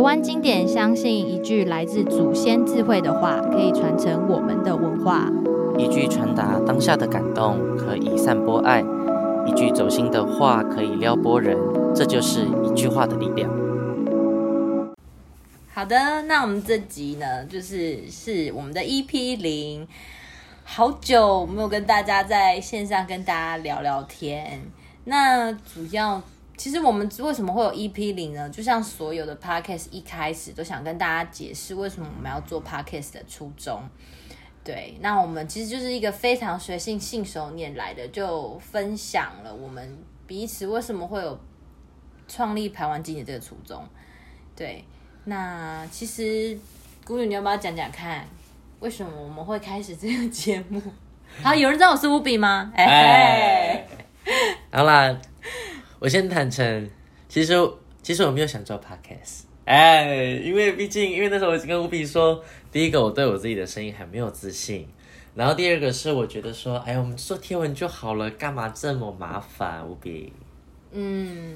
排灣經典相信一句來自祖先智慧的話，可以傳承我們的文化。一句傳達當下的感動，可以散播愛；一句走心的話，可以撩撥人。這就是一句話的力量。好的，那我們這集呢，就是是我們的 EP 零，好久沒有跟大家在線上跟大家聊聊天。那主要。其實我們為什麼會有 EP 零呢？就像所有的 podcast 一開始都想跟大家解釋為什麼我們要做 podcast 的初衷。對，那我們其實就是一個非常隨性、信手拈來的，就分享了我們彼此為什麼會有創立排灣經典這個初衷。對，那其實姑女你要不要講講看，為什麼我們會開始這個節目？ 好，有人知道我是五比嗎？哎，好啦。我先坦誠，其實其實我沒有想做 Podcast，哎，因為畢竟因為那時候我已經跟吳比說，第一個我對我自己的聲音還沒有自信，然後第二個是我覺得說，哎我們做天文就好了，幹嘛這麼麻煩吳比？嗯，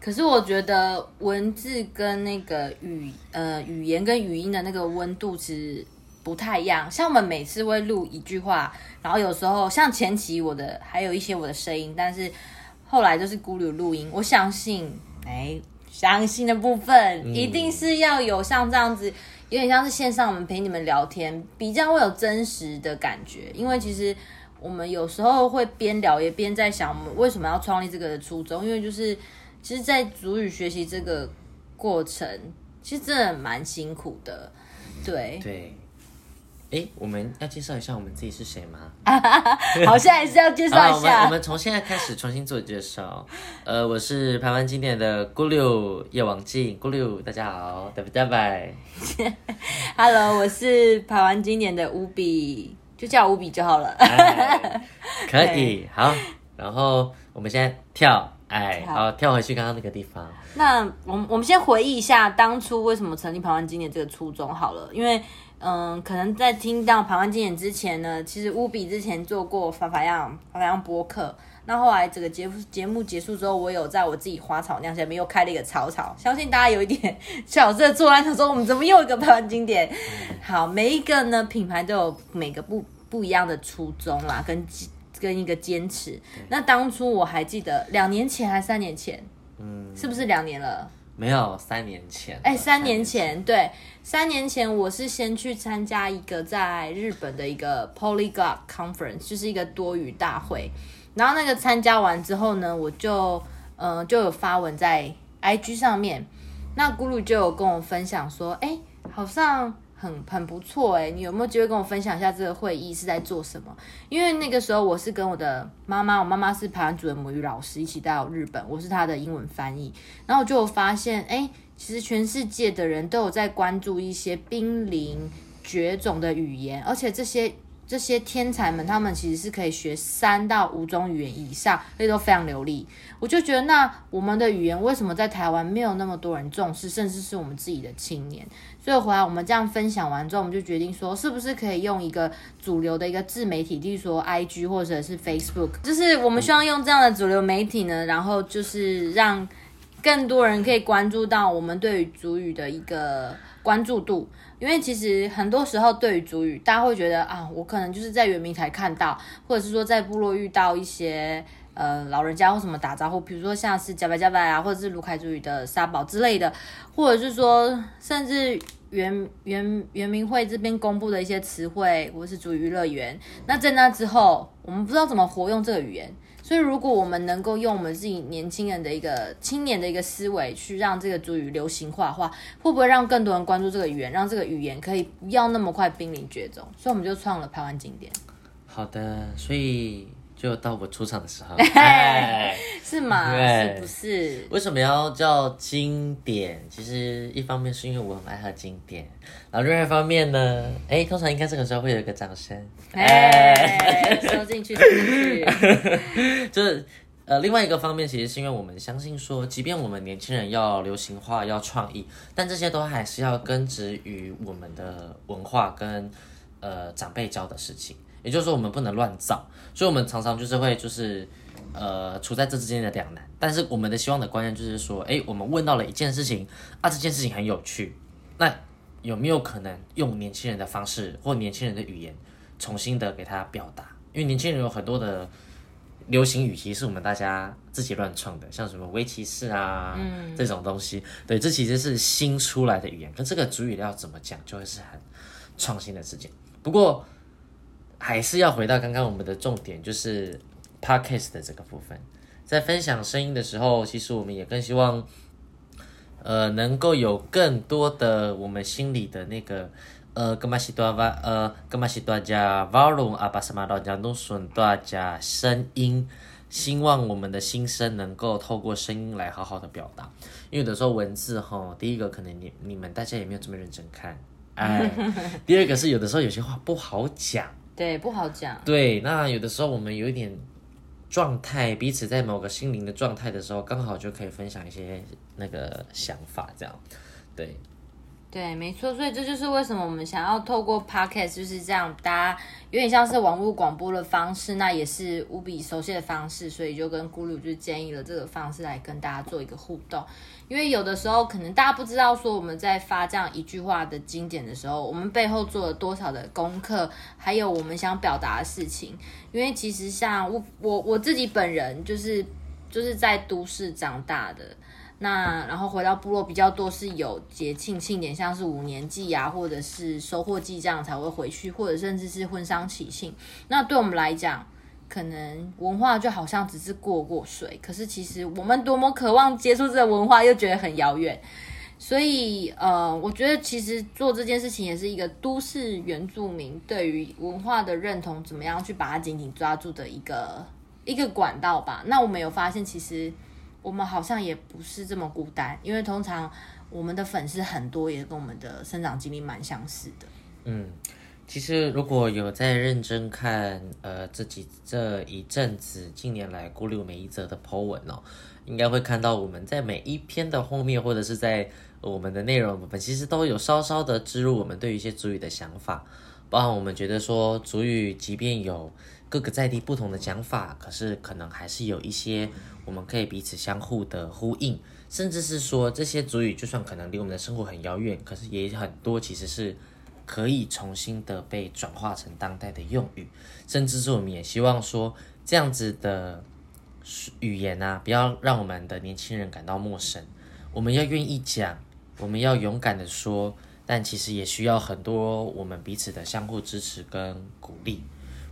可是我覺得文字跟那個語呃語言跟語音的那個溫度其實不太一樣，像我們每次會錄一句話，然後有時候像前期我的還有一些我的聲音，但是。後來就是孤旅錄音，我相信，哎、欸，相信的部分、嗯、一定是要有像這樣子，有點像是線上我們陪你們聊天，比較會有真實的感覺。因為其實我們有時候會邊聊也邊在想，我們為什麼要創立這個的初衷。因為就是，其實，在族語學習這個過程，其實真的蠻辛苦的，對對。哎，我們要介紹一下我們自己是誰嗎？ 好像還是要介紹一下、啊我。我們從現在開始重新做介紹。呃，我是排灣經典的咕六夜王靜咕六，uru, 大家好拜拜。拜拜 Hello，我是排灣經典的 Ubi，就叫 Ubi 就好了、 哎。可以，好。然後我們先跳，哎，好，跳回去剛剛那個地方。 那我們我們先回憶一下當初為什麼成立排灣經典這個初衷好了，因為。嗯，可能在聽到排灣經典之前呢，其實烏比之前做過發發樣發發樣播客，那後來整個節節目結束之後，我有在我自己花草那下面又開了一個草草，相信大家有一點，小事做完的時候，我們怎麼又一個排灣經典？好，每一個呢品牌都有每個不不一樣的初衷啦，跟跟一個堅持。對那當初我還記得兩年前還三年前，嗯，是不是兩年了？沒有，三年前。哎、欸，三年前，三年前對。三年前，我是先去參加一個在日本的一個 Polyglot Conference，就是一個多語大會。然後那個參加完之後呢，我就嗯、呃、就有發文在 IG 上面。那咕嚕就有跟我分享說，誒、欸，好像。很很不錯誒，你有沒有機會跟我分享一下這個會議是在做什麼？因為那個時候我是跟我的媽媽，我媽媽是排灣族的母語老師，一起到日本，我是她的英文翻譯，然後我就發現，哎，其實全世界的人都有在關注一些瀕臨絕種的語言，而且這些。這些天才們，他們其實是可以學三到五種語言以上，這些都非常流利。我就覺得，那我們的語言為什麼在台灣沒有那麼多人重視，甚至是我們自己的青年？所以回來我們這樣分享完之後，我們就決定說，是不是可以用一個主流的一個自媒體，例如說 IG 或者是 Facebook、嗯、就是我們希望用這樣的主流媒體呢，然後就是讓更多人可以關注到我們對於族語的一個關注度。因為其實很多時候，對於族語，大家會覺得啊，我可能就是在原民台看到，或者是說在部落遇到一些。呃，老人家或什麼打招呼，比如說像是“加白加白”啊，或者是魯凱族語的“沙寶”之類的，或者是說，甚至原原原民會這邊公布的一些詞彙，或是族語樂園。那在那之後，我們不知道怎麼活用這個語言，所以如果我們能夠用我們自己年輕人的一個青年的一個思維去讓這個族語流行化的話，會不會讓更多人關注這個語言，讓這個語言可以不要那麼快瀕臨絕種？所以我們就創了排灣經典。好的，所以。就到我出場的時候，哎、 是嗎？對是不是？為什麼要叫經典？其實一方面是因為我很愛喝經典，然後另外一方面呢、哎，通常應該這個時候會有一個掌聲，收、 哎、進去是是，進去。 就是呃，另外一個方面，其實是因為我們相信說，即便我們年輕人要流行化、要創意，但這些都還是要根植於我們的文化跟呃長輩教的事情。也就是說，我們不能亂造，所以我們常常就是會就是，呃，處在這之間的兩難。但是我們的希望的關鍵就是說，誒、欸，我們問到了一件事情啊，這件事情很有趣，那有沒有可能用年輕人的方式或年輕人的語言重新的給他表達？因為年輕人有很多的流行語，其實是我們大家自己亂創的，像什麼圍棋士啊、嗯、這種東西，對，這其實是新出來的語言。可這個主語要怎麼講，就會是很創新的事情。不過。還是要回到剛剛我們的重點，就是 Podcast 的這個部分，在分享聲音的時候，其實我們也更希望，呃，能夠有更多的我們心裡的那個，呃，格瑪西多瓦，呃，格瑪西多加瓦隆阿巴什瑪老加東索多加聲音，希望我們的心聲能夠透過聲音來好好的表達。因為有的時候文字哈，第一個可能你你們大家也沒有這麼認真看，哎，第二個是有的時候有些話不好講。對，不好講。對，那有的時候我們有一點狀態，彼此在某個心靈的狀態的時候，剛好就可以分享一些那個想法，這樣。對，對，沒錯。所以這就是為什麼我們想要透過 Podcast，就是這樣，大家有點像是網絡廣播的方式，那也是無比熟悉的方式。所以就跟咕嚕就建議了這個方式來跟大家做一個互動。因為有的時候可能大家不知道，說我們在發這樣一句話的經典的時候，我們背後做了多少的功課，還有我們想表達的事情。因為其實像我我我自己本人就是就是在都市長大的，那然後回到部落比較多，是有節慶慶典，像是五年祭啊，或者是收穫祭這樣才會回去，或者甚至是婚喪喜慶。那對我們來講，可能文化就好像只是過過水，可是其實我們多麼渴望接觸這個文化，又覺得很遙遠。所以，呃，我覺得其實做這件事情也是一個都市原住民對於文化的認同，怎麼樣去把它緊緊抓住的一個一個管道吧。那我們有發現，其實我們好像也不是這麼孤單，因為通常我們的粉絲很多，也跟我們的生長經歷蠻相似的。嗯。其實，如果有在認真看，呃，自己這一陣子近年來《孤立我們一則的 PO 文哦，應該會看到我們在每一篇的後面，或者是在，呃，我們的內容部分，我們其實都有稍稍的置入我們對於一些族語的想法，包含我們覺得說族語即便有各個在地不同的講法，可是可能還是有一些我們可以彼此相互的呼應，甚至是說這些族語就算可能離我們的生活很遙遠，可是也很多其實是。可以重新的被轉化成當代的用語，甚至是我們也希望說這樣子的語言啊，不要讓我們的年輕人感到陌生。我們要願意講，我們要勇敢的說，但其實也需要很多我們彼此的相互支持跟鼓勵。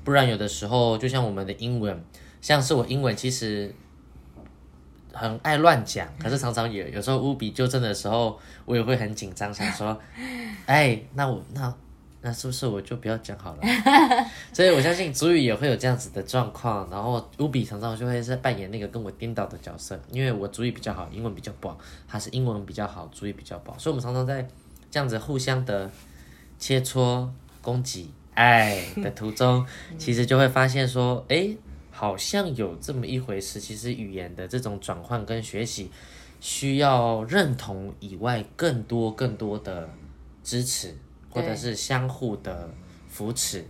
不然有的時候，就像我們的英文，像是我英文其實。很愛亂講，可是常常也有時候烏比糾正的時候，我也會很緊張，想說，哎、欸，那我那那是不是我就不要講好了？ 所以我相信主語也會有這樣子的狀況，然後烏比常常就會是在扮演那個跟我顛倒的角色，因為我主語比較好，英文比較不好，他是英文比較好，主語比較不好，所以我們常常在這樣子互相的切磋攻擊，愛的途中， 嗯、其實就會發現說，哎、欸。好像有這麼一回事，其實語言的這種轉換跟學習需要認同以外，更多更多的支持，或者是相互的扶持。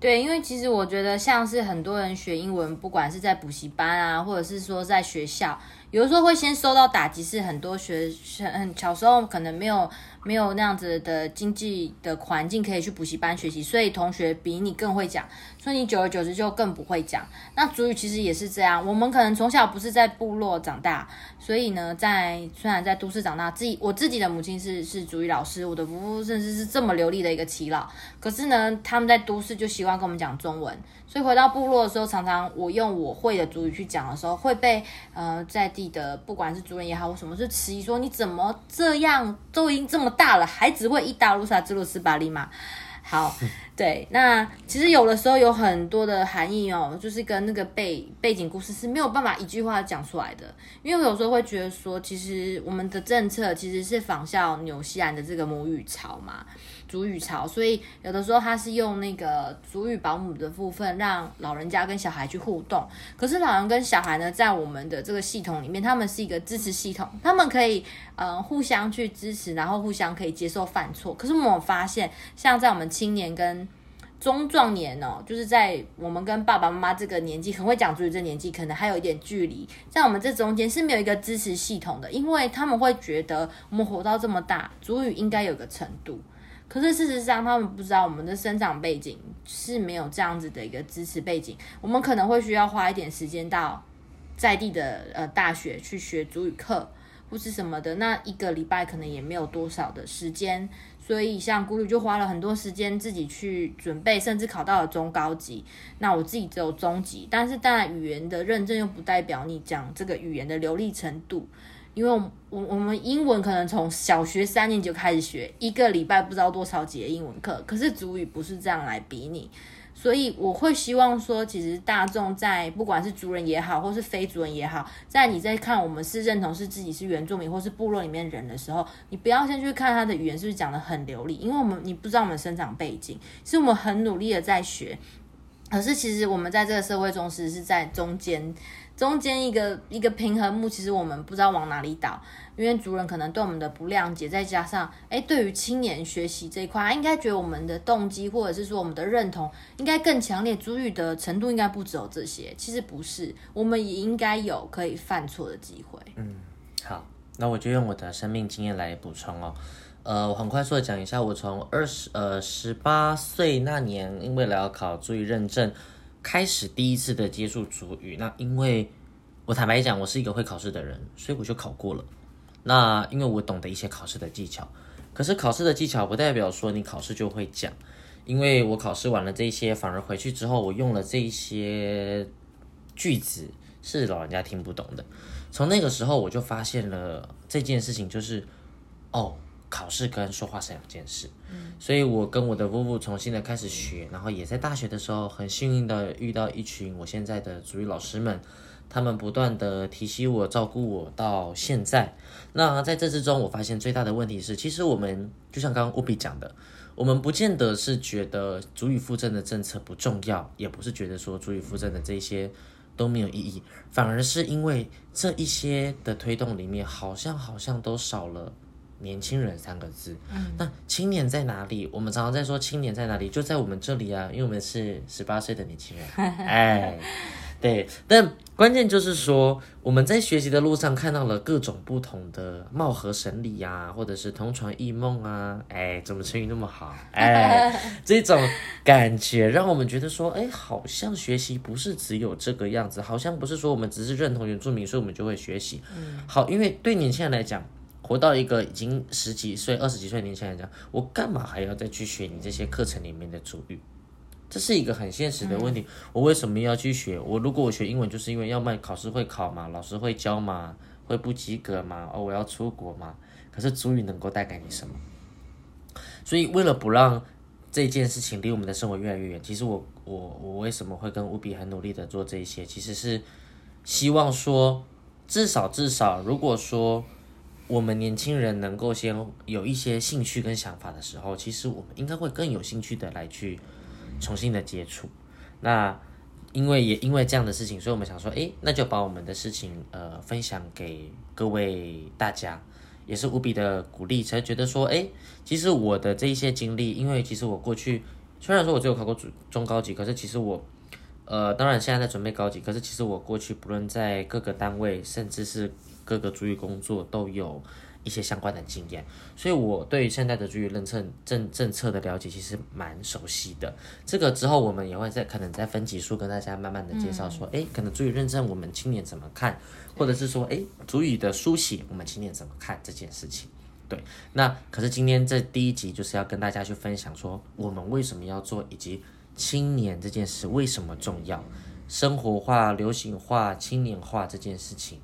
對，對，因為其實我覺得，像是很多人學英文，不管是在補習班啊，或者是說在學校。有的時候會先受到打擊，是很多學生，嗯，小時候可能沒有沒有那樣子的經濟的環境可以去補習班學習，所以同學比你更會講，所以你久而久之就更不會講。那族語其實也是這樣，我們可能從小不是在部落長大，所以呢，在雖然在都市長大，自己我自己的母親是是族語老師，我的伯父母甚至是這麼流利的一個耆老，可是呢，他們在都市就習慣跟我們講中文，所以回到部落的時候，常常我用我會的族語去講的時候，會被呃在。不管是主人也好，我什麼是質疑說，說你怎麼這樣？都已經這麼大了，還只會一大殺之路沙茲魯斯巴利嗎？好， 對，那其實有的時候有很多的含義哦，就是跟那個背背景故事是沒有辦法一句話講出來的。因為我有時候會覺得說，其實我們的政策其實是仿效紐西蘭的這個母語潮嘛。族語巢，所以有的時候他是用那個族語保母的部分，讓老人家跟小孩去互動。可是老人跟小孩呢，在我們的這個系統裡面，他們是一個支持系統，他們可以嗯、呃、互相去支持，然後互相可以接受犯錯。可是我們有發現，像在我們青年跟中壯年哦，就是在我們跟爸爸媽媽這個年紀，很會講族語這個年紀，可能還有一點距離。在我們這中間是沒有一個支持系統的，因為他們會覺得我們活到這麼大，族語應該有個程度。可是事實上，他們不知道我們的生長背景是沒有這樣子的一個支持背景，我們可能會需要花一點時間到在地的呃大學去學族語課或是什麼的，那一個禮拜可能也沒有多少的時間，所以像古語就花了很多時間自己去準備，甚至考到了中高級，那我自己只有中級，但是當然語言的認證又不代表你講這個語言的流利程度。因為我們我，我們英文可能從小學三年級就開始學，一個禮拜不知道多少節英文課，可是族語不是這樣來比擬，所以我會希望說，其實大眾在不管是族人也好，或是非族人也好，在你在看我們是認同是自己是原住民或是部落裡面人的時候，你不要先去看他的語言是不是講得很流利，因為我們你不知道我們生長背景，是我們很努力的在學，可是其實我們在這個社會中其實是在中間。中間一個一個平衡木，其實我們不知道往哪裡倒，因為族人可能對我們的不諒解，再加上誒，對於青年學習這一塊，他應該覺得我們的動機或者是說我們的認同應該更強烈，族語的程度應該不只有這些。其實不是，我們也應該有可以犯錯的機會。嗯，好，那我就用我的生命經驗來補充哦。呃，我很快速的講一下，我從二十呃十八歲那年，因為來要考族語認證，開始第一次的接觸族語，那因為我坦白講，我是一個會考試的人，所以我就考過了。那因為我懂得一些考試的技巧，可是考試的技巧不代表說你考試就會講，因為我考試完了這些，反而，回去之後，我用了這一些句子是老人家聽不懂的。從那個時候，我就發現了這件事情，就是哦。考試跟說話是兩件事，所以我跟我的 vuvu 重新的開始學，然後也在大學的時候很幸運的遇到一群我現在的族語老師們，他們不斷的提醒我、照顧我到現在。那在這之中，我發現最大的問題是，其實我們就像剛剛烏比講的，我們不見得是覺得族語復振的政策不重要，也不是覺得說族語復振的這些都沒有意義，反而是因為這一些的推動裡面，好像好像都少了。年輕人三個字，嗯、那青年在哪裡？我們常常在說青年在哪裡，就在我們這裡啊，因為我們是十八歲的年輕人。 哎，對，但關鍵就是說我們在學習的路上看到了各種不同的貌合神離呀、啊，或者是同床異夢啊，哎，怎麼成語那麼好？哎， 這種感覺讓我們覺得說，哎，好像學習不是只有這個樣子，好像不是說我們只是認同原住民，所以我們就會學習。嗯、好，因為對年輕人來講。活到一個已經十幾歲、二十幾歲年輕人講，我幹嘛還要再去學你這些課程裡面的族語？這是一個很現實的問題。我為什麼要去學？我如果我學英文，就是因為要麼考試會考嘛，老師會教嘛，會不及格嘛，哦，我要出國嘛。可是族語能夠帶給你什麼？所以為了不讓這件事情離我們的生活越來越遠，其實我我我為什麼會跟烏比很努力的做這些？其實是希望說，至少至少，如果說。我們年輕人能夠先有一些興趣跟想法的時候，其實我們應該會更有興趣的來去重新的接觸。那因為也因為這樣的事情，所以我們想說，誒、欸，那就把我們的事情呃分享給各位大家，也是無比的鼓勵，才覺得說，誒、欸，其實我的這一些經歷，因為其實我過去雖然說我只有考過中中高級，可是其實我呃當然現在在準備高級，可是其實我過去不論在各個單位，甚至是。各個主語工作都有一些相關的經驗，所以我對現在的主語認證政政策的了解其實蠻熟悉的。這個之後我們也會在可能在分集數跟大家慢慢的介紹說，哎、嗯，可能主語認證我們青年怎麼看，對或者是說，哎，主語的書寫我們青年怎麼看這件事情。對，那可是今天這第一集就是要跟大家去分享說，我們為什麼要做，以及青年這件事為什麼重要，生活化、流行化、青年化這件事情。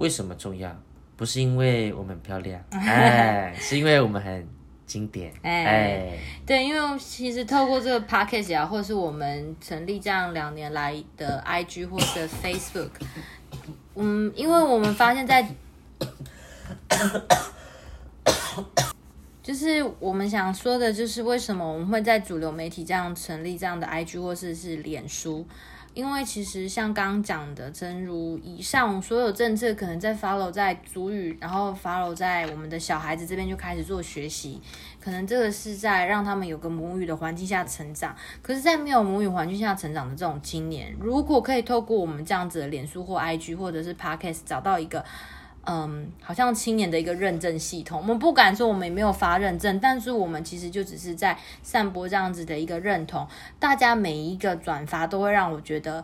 為什麼重要？不是因為我們很漂亮， 哎，是因為我們很經典，哎，哎對，因為其實透過這個 Podcast 啊，或是我們成立這樣兩年來的 IG 或是 Facebook，嗯，因為我們發現，在，就是我們想說的，就是為什麼我們會在主流媒體這樣成立這樣的 IG 或是是臉書。因為其實像剛剛講的，正如以上所有政策，可能在 follow 在族語，然後 follow 在我們的小孩子這邊就開始做學習，可能這個是在讓他們有個母語的環境下成長。可是，在沒有母語環境下成長的這種青年，如果可以透過我們這樣子的臉書或 IG 或者是 Podcast 找到一個。嗯，好像青年的一個認證系統，我們不敢說我們也沒有發認證，但是我們其實就只是在散播這樣子的一個認同。大家每一個轉發都會讓我覺得，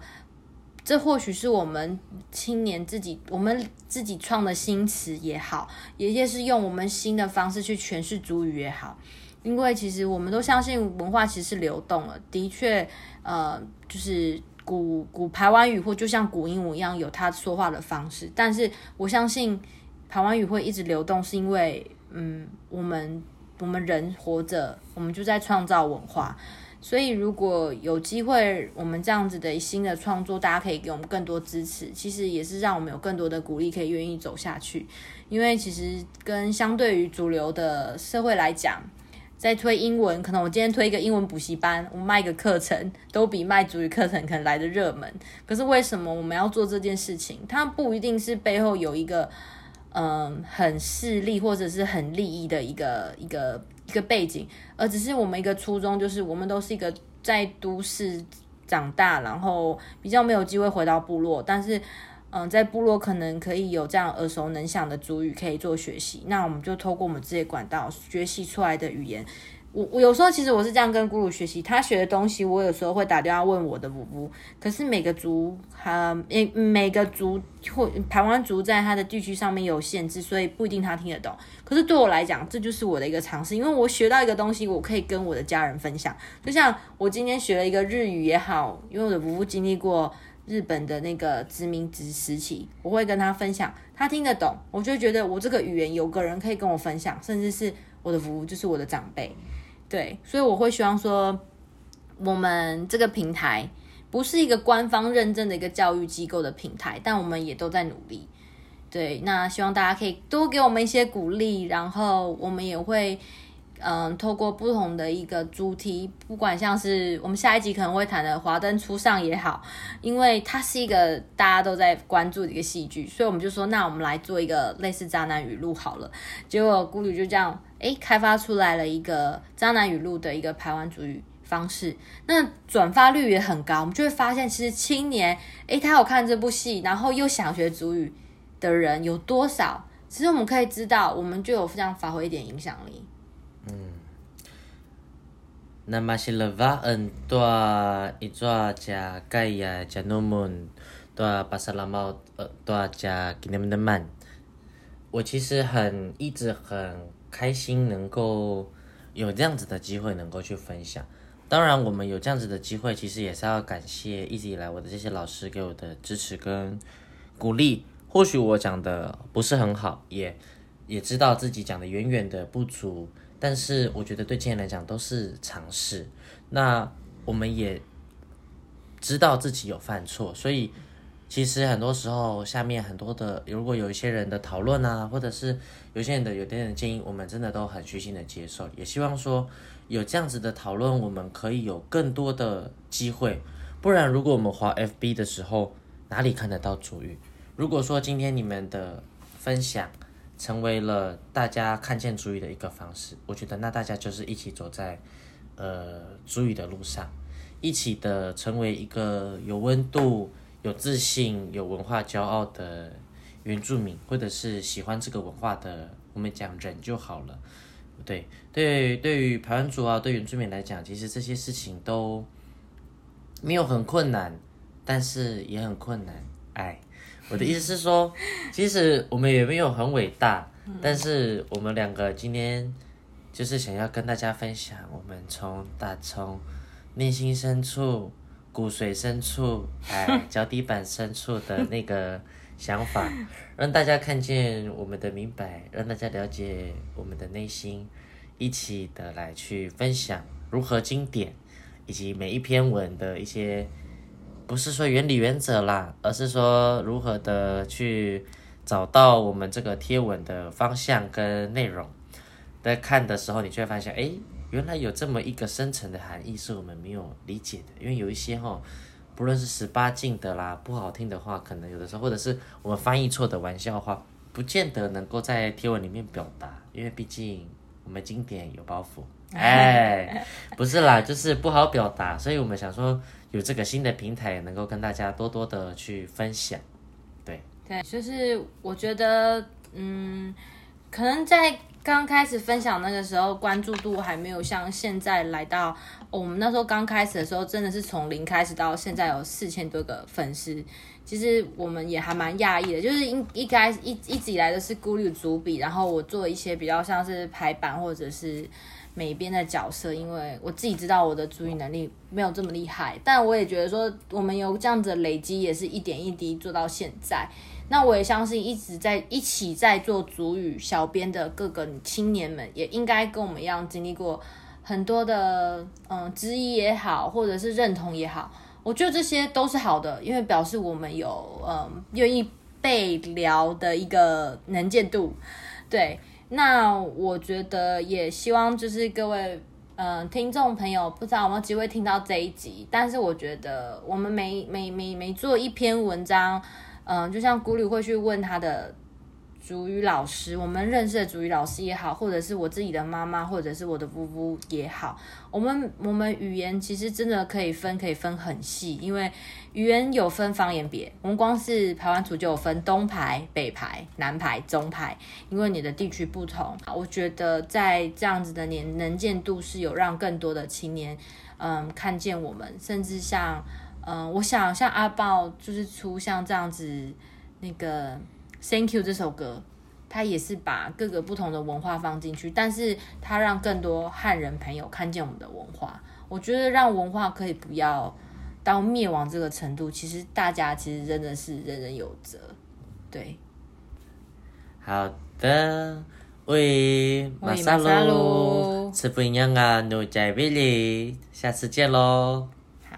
這或許是我們青年自己我們自己創的新詞也好，也就是用我們新的方式去詮釋族語也好。因為其實我們都相信文化其實是流動的，的確，呃，就是。古古排灣語或就像古英文一樣，有他說話的方式。但是我相信排灣語會一直流動，是因為嗯，我們我們人活着，我們就在創造文化。所以如果有機會，我們這樣子的新的創作，大家可以給我們更多支持。其實也是讓我們有更多的鼓勵，可以願意走下去。因為其實跟相對於主流的社會來講，在推英文，可能我今天推一個英文補習班，我賣個課程，都比賣族語課程可能來的熱門。可是為什麼我們要做這件事情？它不一定是背後有一個，嗯，很勢力或者是很利益的一個一個一個背景，而只是我們一個初衷，就是我們都是一個在都市長大，然後比較沒有機會回到部落，但是。嗯，在部落可能可以有這樣耳熟能詳的族語可以做學習，那我們就透過我們這些管道學習出來的語言。我我有時候其實我是這樣跟姑姑學習，他學的東西我有時候會打電話問我的姑姑。可是每個族，哈、呃，每每個族或排灣族在他的地區上面有限制，所以不一定他聽得懂。可是對我來講，這就是我的一個嘗試，因為我學到一個東西，我可以跟我的家人分享。就像我今天學了一個日語也好，因為我的姑姑經歷過。日本的那個殖民殖時期，我會跟他分享，他聽得懂，我就覺得我這個語言有個人可以跟我分享，甚至是我的父母。就是我的長輩，對，所以我會希望說，我們這個平台不是一個官方認證的一個教育機構的平台，但我們也都在努力，對，那希望大家可以多給我們一些鼓勵，然後我們也會。嗯，透過不同的一個主題，不管像是我們下一集可能會談的《華燈初上》也好，因為它是一個大家都在關注的一個戲劇，所以我們就說，那我們來做一個類似渣男語錄好了。結果，咕嚕就這樣，哎、欸，開發出來了一個渣男語錄的一個排灣族語方式。那轉發率也很高，我們就會發現，其實青年，哎、欸，他有看這部戲，然後又想學族語的人有多少？其實我們可以知道，我們就有這樣發揮一點影響力。那一呀，巴沙拉貓呃，給你們的曼，我其實很一直很開心，能夠有這樣子的機會能夠去分享。當然，我們有這樣子的機會，其實也是要感謝一直以來我的這些老師給我的支持跟鼓勵。或許我講的不是很好，也。也知道自己講的遠遠的不足，但是我覺得對今天來講都是嘗試。那我們也知道自己有犯錯，所以其實很多時候下面很多的，如果有一些人的討論啊，或者是有些人的有點點建議，我們真的都很虛心的接受。也希望說有這樣子的討論，我們可以有更多的機會。不然，如果我們滑 FB 的時候，哪裡看得到主語？如果說今天你們的分享，成為了大家看見族語的一個方式，我覺得那大家就是一起走在，呃，族語的路上，一起的成為一個有溫度、有自信、有文化驕傲的原住民，或者是喜歡這個文化的，我們講人就好了，對對，對於排灣族啊，對原住民來講，其實這些事情都沒有很困難，但是也很困難，哎。我的意思是說，其實我們也沒有很偉大，但是我們兩個今天就是想要跟大家分享我們從大從內心深處、骨髓深處、哎腳底板深處的那個想法，讓大家看見我們的明白，讓大家了解我們的內心，一起的來去分享如何經典，以及每一篇文的一些。不是說原理原則啦，而是說如何的去找到我們這個貼文的方向跟內容。在看的時候，你就會發現，哎，原來有這麼一個深層的含義是我們沒有理解的。因為有一些哈、哦，不論是十八禁的啦，不好聽的話，可能有的時候，或者是我們翻譯錯的玩笑話，不見得能夠在貼文裡面表達。因為畢竟我們經典有包袱。Okay. 哎，不是啦，就是不好表達， 所以我們想說有這個新的平台，能夠跟大家多多的去分享，對對，就是我覺得，嗯，可能在剛開始分享那個時候，關注度還沒有像現在來到、哦、我們那時候剛開始的時候，真的是從零開始到現在有四千多個粉絲，其實我們也還蠻訝異的，就是一一開始一一直以來都是孤立主筆，然後我做一些比較像是排版或者是。每一邊的角色，因為我自己知道我的族語能力沒有這麼厲害，但我也覺得說，我們有這樣子的累積，也是一點一滴做到現在。那我也相信，一直在一起在做族語小編的各個青年們，也應該跟我們一樣經歷過很多的嗯質疑也好，或者是認同也好，我覺得這些都是好的，因為表示我們有嗯願意被聊的一個能見度，對。那我覺得也希望就是各位，嗯、呃，聽眾朋友，不知道有沒有機會聽到這一集。但是我覺得我們每每每每做一篇文章，嗯、呃，就像古旅會去問他的。族語老師，我們認識的族語老師也好，或者是我自己的媽媽，或者是我的姑姑也好，我們我們語言其實真的可以分，可以分很細，因為語言有分方言別。我們光是排灣族就有分東排、北排、南排、中排，因為你的地區不同。我覺得在這樣子的年能見度是有讓更多的青年，嗯，看見我們，甚至像，嗯，我想像阿豹就是出像這樣子那個，Thank you 這首歌，它也是把各個不同的文化放進去，但是它讓更多漢人朋友看見我們的文化。我覺得讓文化可以不要到滅亡這個程度，其實大家其實真的是人人有責。對，好的，餵，馬莎嘍，吃不一樣啊，奴才威力，下次見嘍。好，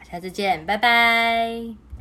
下次見，拜拜。